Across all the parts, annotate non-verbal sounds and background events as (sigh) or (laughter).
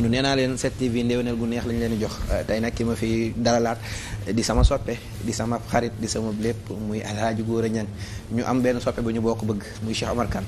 noonu nee naa leen 7TV ndéwénal gu neex lañ leen jox tey nag ki ma fi dalalaat di sama soppe di sama xarit di sama lépp muy alaaji góor a ñan ñu am benn soppe bu ñu boo ko bëgg muy Cheikh Omar Kane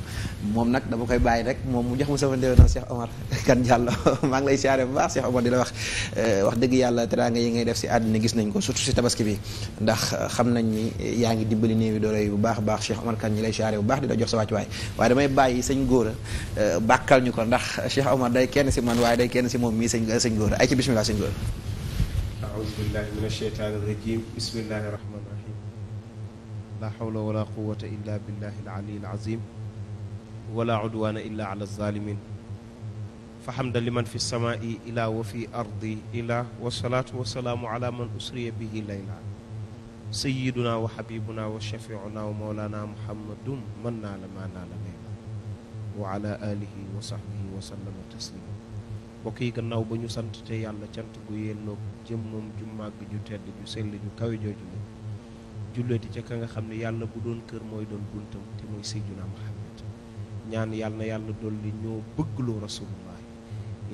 moom nag dama koy bàyyi rek moom mu jox ma sama ndéwénal Cheikh Omar (laughs) Kane Diallo maa ngi lay siyaare bu baax Cheikh Omar di la wax eh, wax dëgg yàlla teraanga yi ngay def si àddina gis nañ ko surtout si tabaski bi ndax eh, xam nañ ni yaa ngi dimbali néew yi doole bu baax baax Cheikh Omar ñi lay siyaare bu baax di la jox sa wàccuwaay waaye damay bàyyi sëñ góor eh, bàkkal ñu ko ndax Cheikh Omar day kenn si man waaye day kenn si moom mii sëñ sëñ góor ay ci bismillah sëñ góor أعوذ بالله من الشيطان الرجيم بسم الله الرحمن الرحيم لا حول ولا قوة إلا بالله العلي العظيم ولا عدوان إلا على الظالمين فحمدا لمن في السماء إلى وفي أرضي إلى والصلاة والسلام على من أسري به ليلا سيدنا وحبيبنا وشفيعنا ومولانا محمد من نال ما نال ليلا وعلى آله وصحبه وسلم تسليما mbokk yi gannaaw ba ñu sant te yàlla cant gu yelloo moom ju màgg ju tedd ju sell ju kawe jooju la julliti ca ka nga xam ne yàlla bu doon kër mooy doon buntam te mooy Seydina Muhammad ñaan yàlla na yàlla dolli ñoo bëggloo rasulullah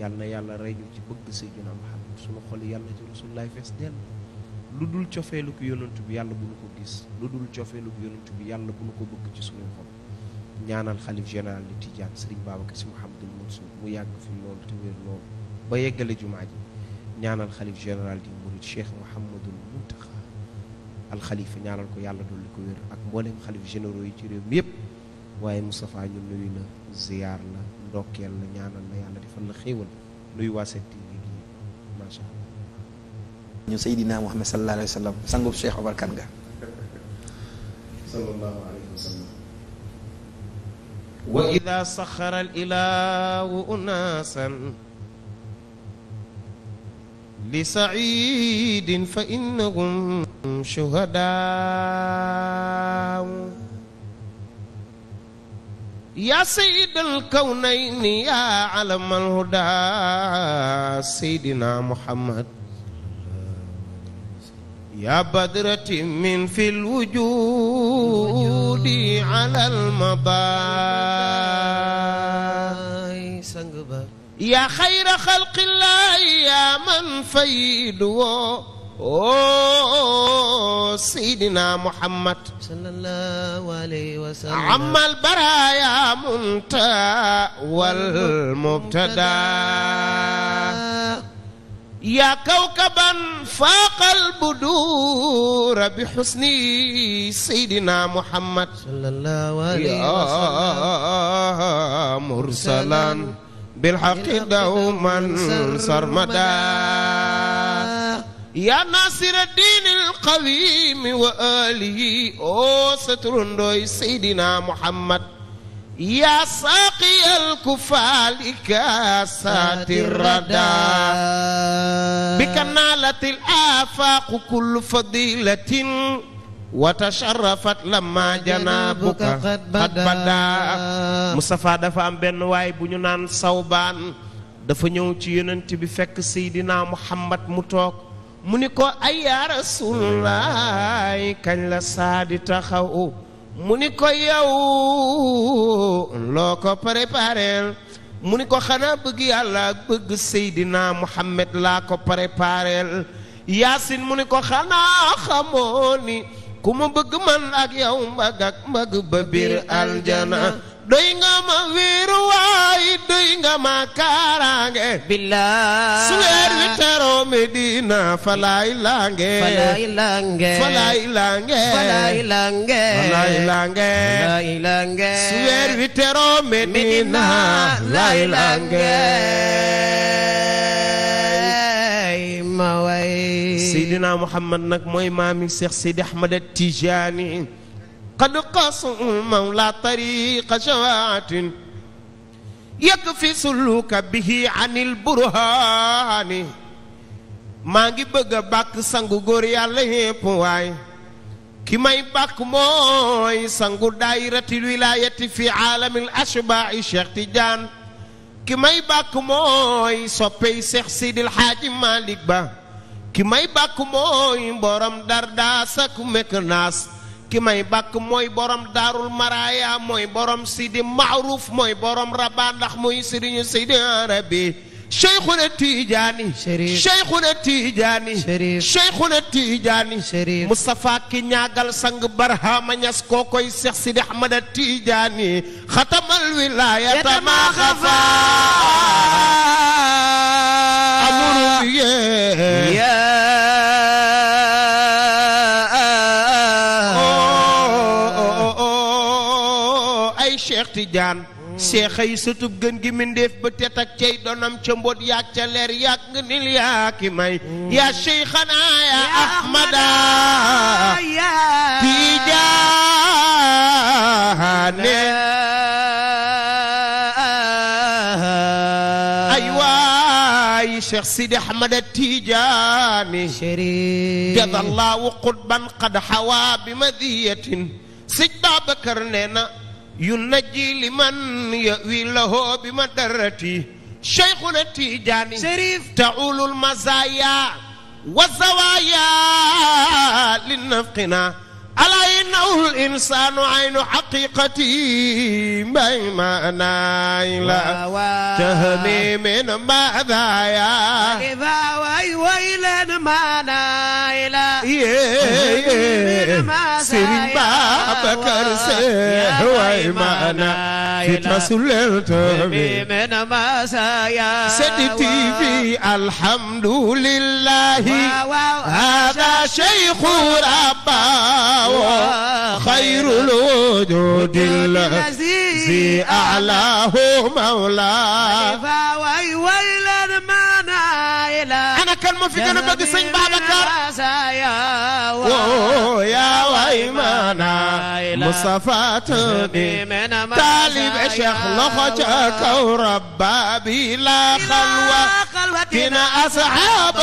yàlla na yàlla rey ñu ci bëgg Seydina Muhammad sunu xol yàlla ci rasulullah fees dell lu dul cofeelu ko yonent bi yàlla bu nu ko gis lu dul cofeelu ko yonent bi yàlla bu nu ko bëgg ci sunu xol ñaanal xalif général di Tijaan Sëriñ Babacar Si Mouhamadul Mansour mu yàgg fi loolu te wér loolu ba yeggale jumaa ji ñaanal xalif général di murid Cheikh Mouhamadul Muntaxa al ñaanal ko yàlla dolli ko wér ak mboolem xalif généraux yi ci réew mi yëpp waaye Moustapha ñun nuyu la ziyaar la ndokkeel la ñaanal la yàlla defal la xéewal nuyu waa Sen TV gi macha allah. ñu Seydina Muhammad sallallahu alayhi wa sangub Cheikh Oumar nga. (laughs) wa ida saxara al ilaahu unaasan li saidin fa innahum shuhadaa yaa sayyidal kawnayni yaa alamal hudaa sayyidina Muhammad yaa badrati min fil wujudi alal mabaay sang ba yaa xayra xalqillaahi yaa man faydu woo Seydina Muhammad sallallahu alayhi wa sallam amal baraaya munta wal mubtada yaa kawkaban faaqal buduura bi xusni saydina muhammad sallallahu alayhi wa sallam mursalan bilxaqi dawman sarmada yaa naasira diini alqawimi wa alihi oo saturundooy saydina muhammad yaa saaqiyal kufaali kaasaati radaa. bika naalatil aafaaqu kullu fadilatin wa tasharrafat lammaa janaabuka qad badaa. Moustapha dafa am benn waay bu ñu naan sawbaan dafa ñëw ci yonent bi fekk Seydina Muhammad mu toog mu ni ko ay yaa rasuulallaay kañ la saadi taxaw. mu ni ko yow loo ko prépareel mu ni ko xanaa bëgg yàlla bëgg Seydina Muhammad laa ko prépareel Yaasin mu ni ko xanaa xamoo ku mu bëgg man ak yow mbagg ak mbagg ba aljana doy nga ma wéeru waay doy nga ma kaaraange billaay su wi teroo Medina falaay laange falaay laange falaay laange falaay laange falaay laange falaay laange wi teroo Medina falaay laange Muhammad nag mooy maami Cheikh Seydi Ahmad Tijaani قد قاسوا مولى طريق شواعة يكفي سلوك به عن البرهان maa ngi bëgg a bàkk sangu góor yàlla yépp waay ki may bàkk mooy sangu daayiratil wilaayati fi aalamil ashbaa'i Cheikh Tidiane ki may bàkk mooy soppey Cheikh Sidil Xaaji Malick Ba ki may bàkk mooy mborom dardaas ak Meknaas ki may bàkk mooy borom daarul maraaya mooy borom sidi maaruf mooy borom rabaa ndax muy sëriñu sidi arabi cheikhuna tijaani cheikhuna tijaani cheikhuna tijaani moustapha ki ñaagal sang barhama ñas koo koy cheikh sidi ahmada tijaani xatamal wilayata ma xafa seexa yi sëtub gën gi mindéef ba tet ak cey donam ca mbot yaag ca leer yaag nga nil yaaki may yaa seyxana ya ahmada tiijaane ay waay cheikh sidi ahmada tiijaani jadallaahu qutban qad xawaa bi madiyatin sëj Babacar nee na ينجي لمن يأوي له بمدرتي شيخنا التيجاني شريف تعول المزايا والزوايا لنفقنا alaa innahul insaanu aynu xaqiiqati mbay ma naay la tahni min mbadaaya way way leen ma naay la yee Sëriñ Babacar Se way ma naay la fitna sulel tahni min mbadaaya Seydi TV alhamdulillahi hada sheikhu rabba خير الوجود الذي أعلاه مولا وي ويلا ما نايلا أنا كان ما في جنب بدي سين بابكر يا ويمانا مصطفى من طالب شيخ لخجك وربابي لا خلوة كنا أصحاب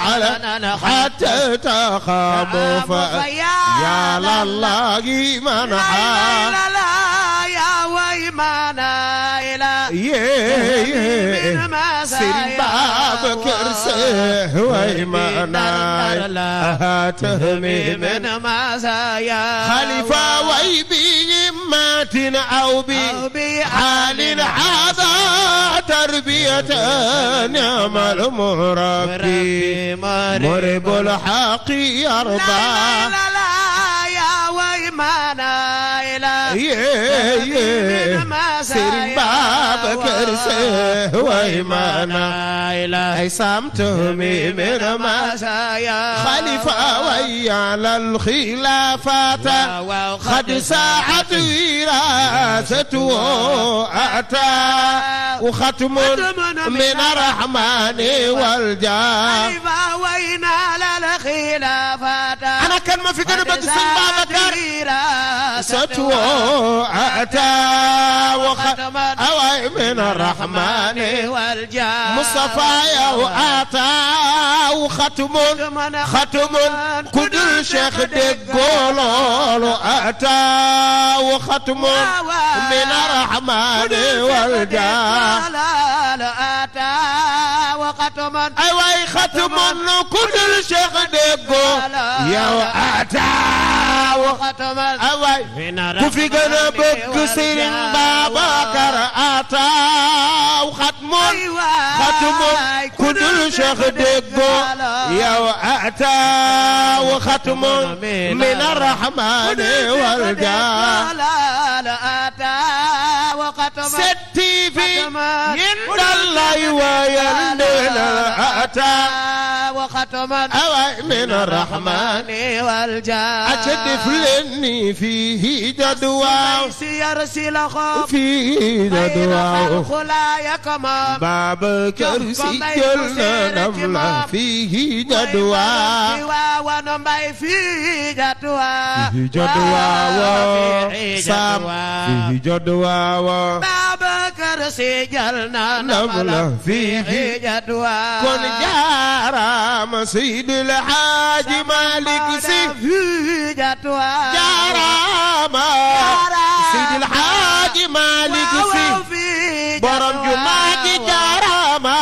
على حتى تقام فيا لله من حال يا ويمانا yee Sëriñ Babacar Sy way manaay tahmimin masaya xalifa way bi matin aw bi halin hada tarbiyatan ni'mal murabbi muribul haqi yarda la la ya way manaay Serigne Babacar Sy way mana ay samto mi mena masaya khalifa way ala alkhilafata qad sa'at wirasatu ata wa khatmun min arrahmani wal jalal kan ma fi gën a bëgg sëñ Babacar satwoo ata waxat awaay min arrahmani Mustafa yaw ata xatumun xatumun ku dul cheikh déggoo loolu ata xatumun min arrahmani wal jaa ay waay xataman ku dul Cheikh déggo yow ataaw ay waay ku fi gën a bëgg Sëriñ Babacar ataaw xatman xataman ku dul Cheikh déggo yow ataaw xataman min arrahmaani wal jaal Set TV yindallay wa yandina ata wa khataman awa min arrahmani wal jaa acedif lenni fihi jadwa si yarsila kha fihi jadwa khula yakama bab kursi jolna namla fihi jadwa wa nambai fihi jadwa fihi jadwa wa sam fihi si jot waawa Babakar si jal na namala fiixi jot waawa kon jaaraama Seydil Haaji Malik si jot waawa jaaraama Seydil Haaji Malik si borom ju maaji jaaraama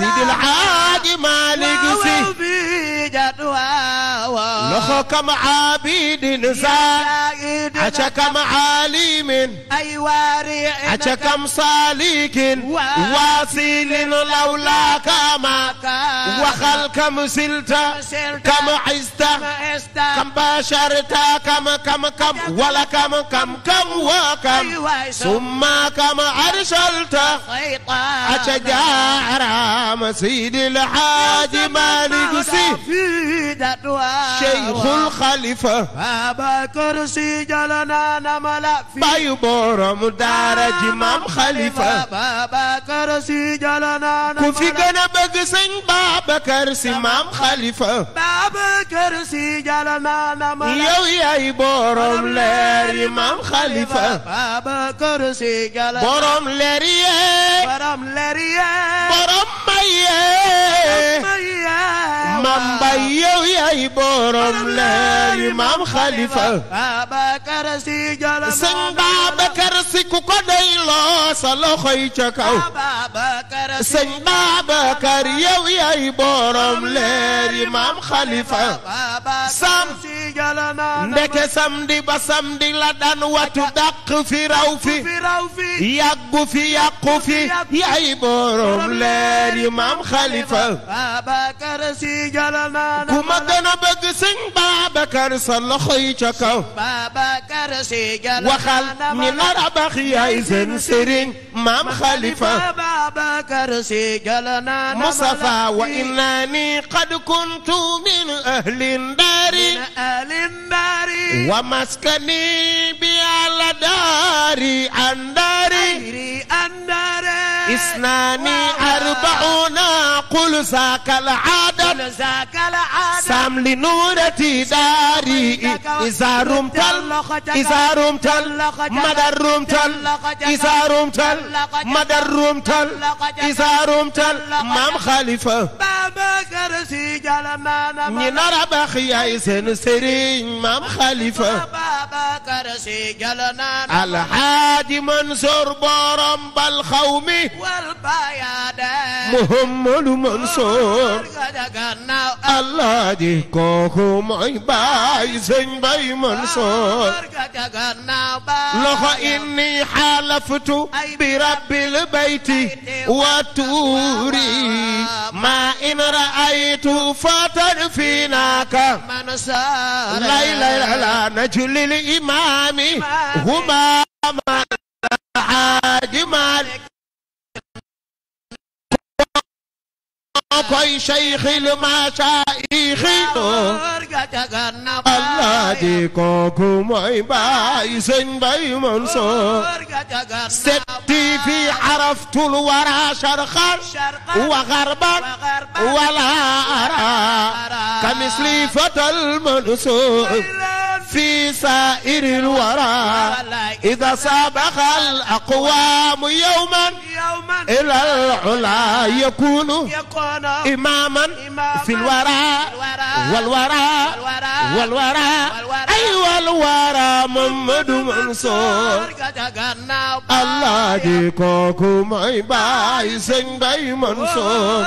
Seydil Haaji Malik si loxo kam abidin saa عشكم عالم أي وارع عشكم صالح واصل لولاك ما وخلكم سلت كم عزت كم باشرت كم كم كم ولا كم كم كم وكم ثم كم أرسلت خير aca jaaraama Seydi El Hadji Malick Sy Cheikhul Khalifa Babacar Sy jalana namala bayu borom daara ji maam Khalifa Babacar Sy jalana namala ku fi gën a bëgg sëñ Babacar Sy maam Khalifa Babacar Sy jalana namala yow yaay borom leer yi maam Khalifa Babacar Sy jalana borom leer yi borom leer maam mbay yow yaay borom leer yi maam xalifa. Babacar Si Jolof. sëñ Babacar. si ku ko doy loo sa loxoy ca kaw sëñ Babacar yow yaay borom leer yi maam xalifa sam ndeke samedi ba samedi la daan watu dàq fi raw fi yàggu fi yàqu fi yaay borom leer yi maam xalifa ku ma gën a bëgg sëñ Babacar sa loxoy ca kaw waxal ñi nar baax yaay seen sëriñ maam xalifa Babacar Si jalana Mustafa wa innani qad kuntu min ahli ndaari wa maskani bi ala daari andaari اسناني أربعون قل ذاك العدد سام لنورتي داري إذا رمت إذا رمت مدى رمت إذا رمت مدى رمت إذا رمت مام خليفة ñi nara baax yaay seen sëriñ maam xalifa alxaaji Mansour borom bal xaw mi Muhammadu Mansour Alaaji kooku mooy baay Sëñ Bay Mansour loxo inni xaalaftu bi rabbil bayti wa tuuri ma in raaytu fatan fi naaka lay lay la najlil imaami huma man Alaaji Maalik koy seyxil masaayixi Allah di kooku mooy baay sëñ Bay Mansour setti fi araftul wara sharqan wa gharban wala ara kamisli fatal Mansour في سائر الورى إذا سابق الأقوام يوما إلى العلا يكون إماما في الورى والورى والورى أي والورى محمد منصور الله دي كوكو ماي باي سين باي منصور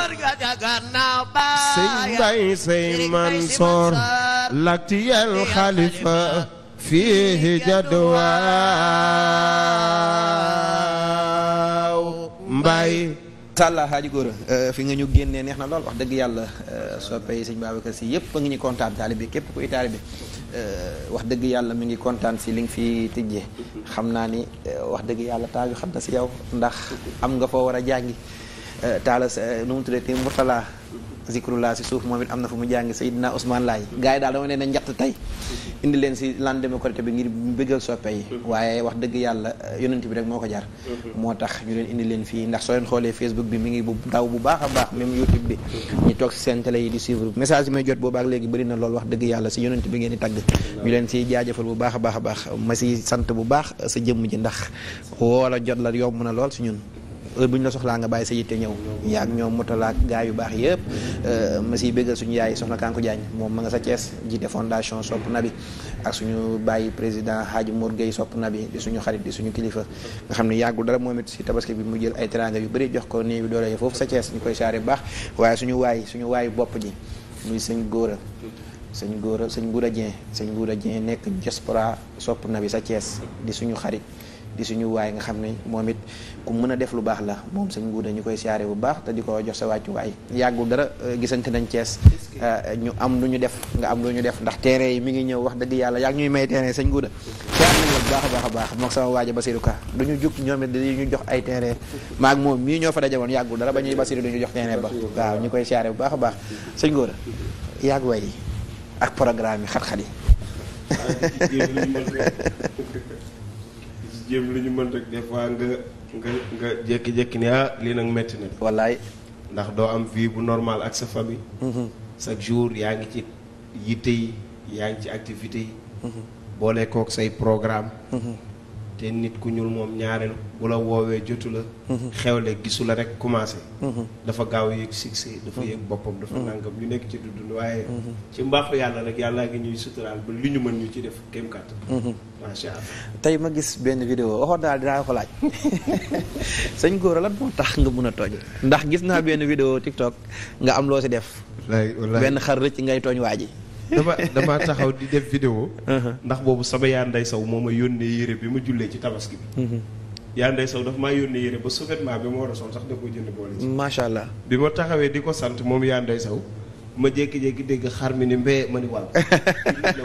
سين باي سين منصور لك تي الخليفة فيه جدوى مباي sàlla haaji góor euh, fi nga ñu génnee neex na lool wax dëgg yàlla euh, soppe yi sëñ si yëpp a ngi ñu kontaan bi képp kuy bi euh, wax dëgg yàlla mu ngi kontaan si li nga fi tijjee xam naa ni wax dëgg yàlla taal bi xam na si yow ndax am nga foo war a jàngi taala nu mu tuddee Murtala zikrullah si suuf moom it am na fu mu jàng Seydina Ousmane Laay gars yi daal dama leen a njatt tey indi leen si lendemain Korité bi ngir bëggal soppe yi waaye wax dëgg yàlla eh, yonent bi rek moo ko jar moo tax ñu leen indi leen fii ndax soo leen xoolee Facebook bi mi ngi bu a baax même YouTube bi ñu toog si seen télé yi di message may jot boobaak léegi bëri na lool wax dëgg si yonent bi ngeen di tagg ñu leen si jaajëfal bu baax a baax a baax ma si sant bu baax sa jëmm ji ndax woola jot la yomb na lool si ñun heure bu ñu la soxlaa nga bàyyi sa yitte ñëw yaa ak ñoom motalaak gaa yu baax yëpp euh, ma siy béggal suñu yaay soxna Kanku Diagne moom ma nga sa Thiès jiite fondation Sopp Nabi ak suñu bàyyi président Hadji Mour Gueye Sopp Nabi di suñu xarit di suñu kilifa nga xam ne yàggul dara moom it si tabaski bi mu jël ay teranga yu bëri jox ko néew bi doole sa Thiès ñu koy saare bu baax waaye suñu waay suñu waayu bopp ji muy sëñ góora sañ góora sëñ Gouda Dieng sëñ Gouda Dieng nekk diaspora Sopp Nabi sa Thiès di suñu xarit di suñu waay nga xam ne moom it ku mën a def lu baax la moom sëñ Ngouda ñu koy siyaare bu baax te di ko jox sa wàccu waay yàggul dara euh, gisante nañ Cees euh, ñu am lu ñu def nga am lu ñu def ndax terrain yi mi ngi ñëw wax dëgg yàlla yaa ñuy may terrain sëñ Ngouda siyaar nañ baax a baax a baax moom sama Ka du ñu jug ñoom it di ñu jox ay terrain maag moom mii ñoo fa dajawoon yàggul dara ba ñuy Basirou du ñu jox terrain ba waaw ñu koy siyaare bu baax a baax sëñ Ngouda yàgg way ak programme yi xat-xat yi (laughs) jéem lu ñu mën rek des fois nga nga nga jékki-jékki ne ah lii nag métti na. wallaay. ndax doo am vie bu normal ak sa famille. sa mm-hmm. jour yaa ngi ci yitte yi yaa ngi ci activité yi. Mm-hmm. boole kook say programme mm-hmm. te nit ku ñuul moom ñaareel bu la woowee jotu la. Mhm. xewle gisu la rek commencé. Mhm. dafa gaaw yëg succès dafa yëg boppam dafa mhm. nangam ñu nekk ci dudd waaye. ci mbaaxu yàlla rek yàlla ngi ñuy suturaal ba li ñu mën ñu ci def kéem kàttan. macha allah ma gis benn vidéo waxoon daal dinaa ko laaj (laughs) sëñ Gora lan moo tax nga mun a tooñ ndax gis naa benn vidéo TikTok nga am loo ci def. benn xar rëcc ngay tooñ waa ji. dama dama taxaw di def vidéo uh-huh. ndax boobu sama yaa nday saw moo ma yónnee yére bi ma jullee ci tabaski bi uh-huh. yaa nday saw dafa maa yónnee yére ba survêtement bi ma war a sol sax da koo jënd boole ci macha allah bi ma taxawee di ko sant moom yaa nday saw ma jékki dégg xar mi ni mbee ma ni wàll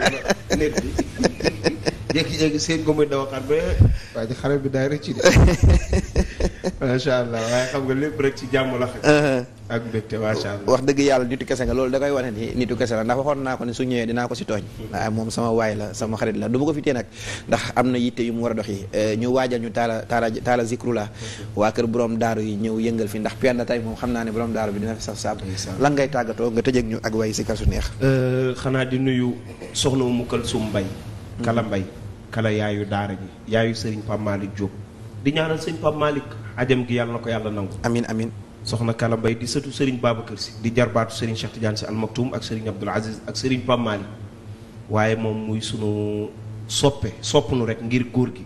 (laughs) net bi jékki-jékki waaye bi daay rëcc de (laughs) macha allah xam nga lépp rek ci jàmm la xaj ak mbégte wax dëgg yàlla nitu kese nga loolu da koy wane ni nitu kese la ndax waxoon naa ko ne su ñëwee dinaa ko si tooñ waaye moom sama waay la sama xarit la du ma ko fi tee nag ndax am na yitte a dox eh, ñu waajal ñu taala taala taala zikru la waa kër borom daaru yi ñëw yëngal fi ndax pianda tay moom xam naa ne borom daaru bi dina fi saf saab lan ngay tàggatoo nga tëjëg ñu ak way si kasu neex eh, xanaa di nuyu soxna mu kal sum mbay hmm. kala mbay kala yaayu daara ji yaayu sëriñ Pape Malick Diop di ñaanal sëriñ Pape Malick ajam na amin amin soxna Kala Mbaye di sëtu Serigne Babacar si di jarbaatu Serigne Cheikh Tidiane si almaktum ak Serigne Abdoul Aziz ak Serigne Pape Mali waaye moom muy sunu soppe sopp nu rek ngir góor gi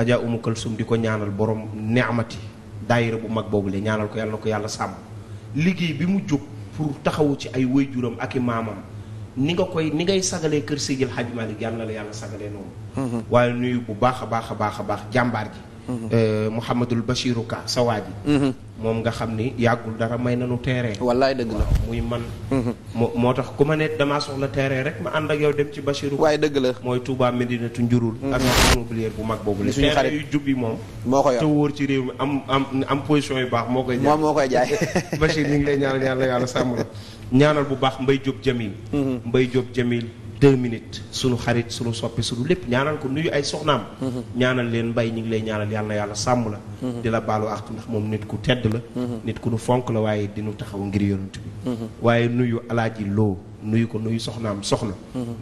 Adja Umu Kalsum di ko ñaanal borom neexmati daayira bu mag boobu le ñaanal ko yàlla ko yàlla sàmm liggéey bi mu jóg pour taxawu ci ay waajuram ak i maamam ni nga koy ni ngay sagalee kër Seydil Hadji Malick yàlla na la yàlla sagalee noonu mm-hmm. waaye nuyu bu baax a baax a baax a baax jàmbaar ji Euh, Mouhamadul Bachirou Ka sa waa ji mhm. moom nga xam ni yàggul dara may nanu terrain wallaay dëgg la muy man mhm. moo moo tax ku ma ne damaa soxla terrain rek ma ànd ak yow dem ci Bachirou waaye dëgg la mooy Touba Medinatu Njurul mhm. ak immobilier bu mag boobu la terrain yu yi moom moo ko yor te wóor ci réew mi am am am position yu baax moo koy jaay moom moo koy jaay (laughs) Bachir ñu ngi lay ñaanal yàlla yàlla sàmm ñaanal bu baax mbay Diop Jamil Mbaye Diop Jamil deux minutes sunu xarit sunu soppi sunu lépp ñaanal ko nuyu ay soxnaam. Mm-hmm. ñaanal leen mbay ñu ngi lay ñaanal yàlla yàlla sàmm la. Mm-hmm. di la baalu àq ndax moom nit ku tedd la. Mm-hmm. nit ku nu fonk la waaye dinu taxaw ngir yonent bi. waaye nuyu alaaji loo nuyu ko nuyu soxnaam soxna.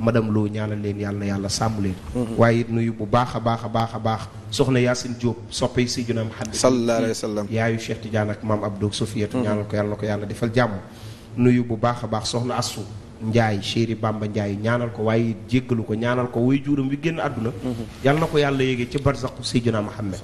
madame loo ñaanal leen yàlla yàlla sàmm leen. waaye bu baax a baax a baax a baax soxna Yacine Diop soppay si junaam xadd. sallallahu alayhi wa sallam yaayu Cheikh Tidiane ak maam Abdou Sofiatou ñaanal ko yàlla na ko yàlla defal jàmm. nuyu bu baax a baax soxna Assou Ndiaye chéri Bamba Ndiaye ñaanal ko waaye jéggalu ko ñaanal ko way juuram wi génn àdduna mhm. yàlla na ko yàlla yéegee ci barzaqu Seydina Muhammad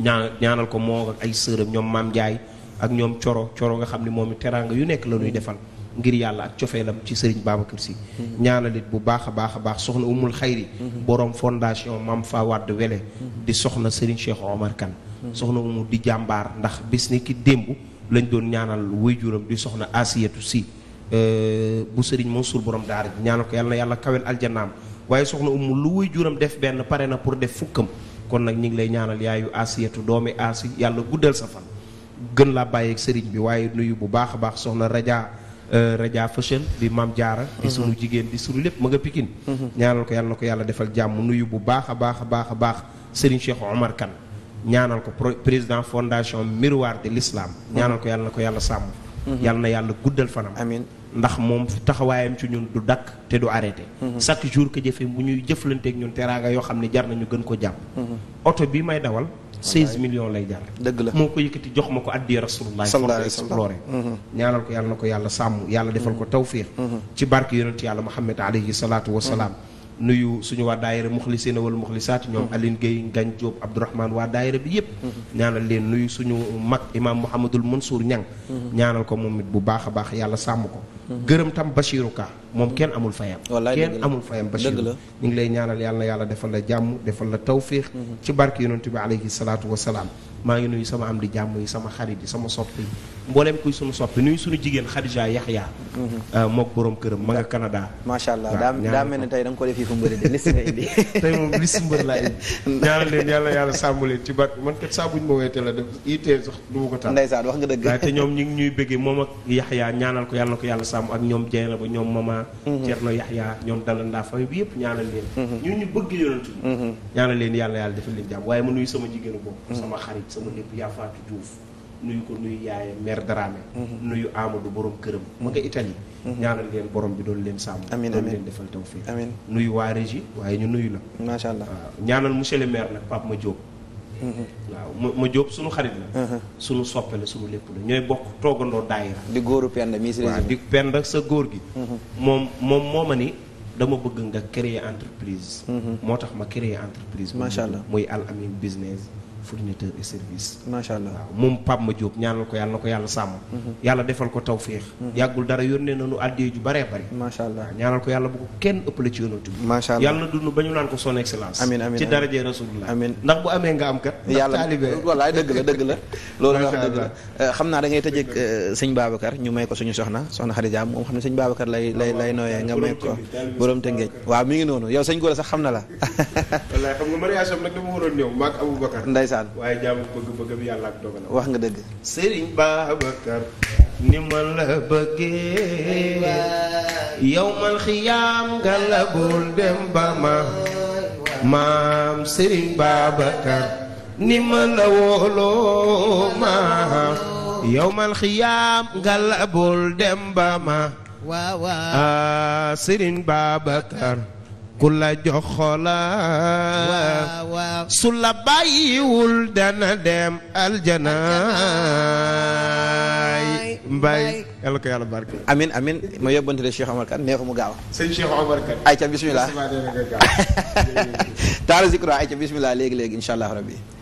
ñaan ñaanal ko moo ak ay sëram ñoom Maam Ndiaye ak ñoom Coro Coro nga xam ne moom it teraanga yu nekk la ñuy mhm. defal ngir yàlla ak cofeelam ci sëriñ Babacar Sy mhm. ñaanalit bu baax a baax a baax soxna umul xayri boroom fondation Mam Fa Wade Wele di soxna sëriñ Cheikh Omar Kane soxna umul di jàmbaar ndax bis ni ki démb lañ doon ñaanal waajuram di Euh, bu sëriñ Mansour borom daara ñaanal ko yàlla yàlla kawel aljannaam waaye soxna umu lu juram def benn pare na pour def fukkam kon nag ñu ngi lay ñaanal yaayu asiyatu doomi asi yàlla guddal sa fan gën laa bàyyeeg sëriñ bi waaye nuyu bu baax a baax soxna raja euh, raja fashion di maam jaara di mhm. sunu jigéen di sunu lépp ma nga pikin mhm. ñaanal ko yàlla na ko yàlla defal jàmm nuyu bu baax a baax a baax a baax sëriñ Cheikh Omar Kane ñaanal ko président fondation miroir de l'islam mhm. ñaanal ko yàlla na ko yàlla sàmm Mm-hmm. yàlla na yàlla guddal fanam. amiin ndax moom taxawaayam ci ñun du dakk te du arrêté. Mm-hmm. chaque jour que jëfe bu ñuy jëflanteeg ñun teraanga yoo xam ne jar nañu gën ko jàpp. Mm-hmm. oto bii may dawal. 16 millions lay jar. dëgg la moo ko yëkkati jox ma ko addiya rasulullah sallallahu alayhi wa sallam ñaanal ko yàlla na ko yàlla sàmm yàlla defal ko tawfiix. ci barke yonent yàlla Muhammad alayhi salaatu wa nuyu suñu waa daayira muxlisina wala muxlisaat ñoom mm-hmm. Aline Gueye Ngagne Diop Abdourahmane waa daayira bi yëpp mm-hmm. ñaanal leen nuyu suñu mag imaam Mouhamadul Mansour Ñang mm-hmm. ñaanal ko moom it bu baax a baax yàlla sàmm ko gërëm tam Bachirou Ka moom kenn amul fayam kenn amul fayam Bachirou ñu ngi lay ñaanal yàlla yàlla defal la jàmm defal la tawfiix ci barke yonent bi alayhi salaatu salaam maa ngi nuyu sama am di jàmm yi sama xarit yi sama soppi mbooleem kuy suñu soppi nuyu suñu jigéen Khadija Yaxya mhm. ah, mook borom këram ma nga Canada macha allah daa mel ne tey da nga ko def fii fu mbëri de liste nga indi (laughs) tey moom liste mbër laa indi (laughs) ñaanal leen yàlla yàlla sàmm leen ci saa ma woowee la def itee sax du ma ko taal ndeysaan wax nga dëgg te ñoom (laughs) ñu ñuy bëggee moom ak Yaxya ñaanal ko yàlla na ko yàlla sàmm ak ñoom jeyna ba ñoom mama Cerno mhm. Yaxya ñoom dalandaa famille bi yëpp ñaanal leen mhm. ñu ñu bëgg yonent ñaanal leen sama lépp yaa Fatou nuyu ko nuyu yaaya mère Dramé mhm. nuyu Amadou borom këram mu nga Italie mhm. ñaanal leen borom bi doon leen sàmm amiin doon leen defal tawfiq amiin nuyu waa régie waaye ñu nuyu la macha allah waaw ñaanal monsieur le maire nag Pape ma Diop mhm. waaw ma ma Diop suñu xarit la suñu soppe la suñu lépp la ñooy bokk toogandoo daayira di góoru pend mii si waaw di sa góor moom moom moo ma ni dama bëgg nga créer entreprise moo tax ma créer entreprise macha allah muy Al Amine business fourniteur a service. macha allah waaw moom Pape Ma Diop ñaanal ko yàlla na ko yàlla sàmm. Mhm. yàlla defal ko tawféex. Mhm. yàggul dara yónnee nañu àddee ju baree bari. allah ñaanal ko yàlla bu ko kenn ëppale ci yonent bi. macha allah yàlla dund ba ñu naan ko son excellence. amiin amiin ci darajee rasulullah. amiin ndax bu amee nga am kat. yàlla (laughs) dëgg la dëgg la. (laughs) loolu wax dëgg la eh, xam naa da ngay tëjee eh, sëñ Babacar ñu may ko suñu soxna soxna Xadija moom xam ne sëñ Babacar lay lay lay nooyee la (laughs) wallaay xam nga mariage ndeysaan waaye jaamu bëgg yàlla ak dogalam wax nga dëgg Serigne Babacar ni ma la bëggee yow mal xiyaam nga bul dem ba ma maam Serigne Babacar ni ma la wóoloo maam yow mal xiyaam bul dem ba ma waaw waaw ah, Serigne Babacar ku la jox xolam su la bàyyiwul dana dem aljanaay amin amin ma yóbbante de Cheikh Omar Kane mu gaaw sëñ Cheikh Omar Kane ayca bismillah taala zikra bismillah léegi léegi insha rabbi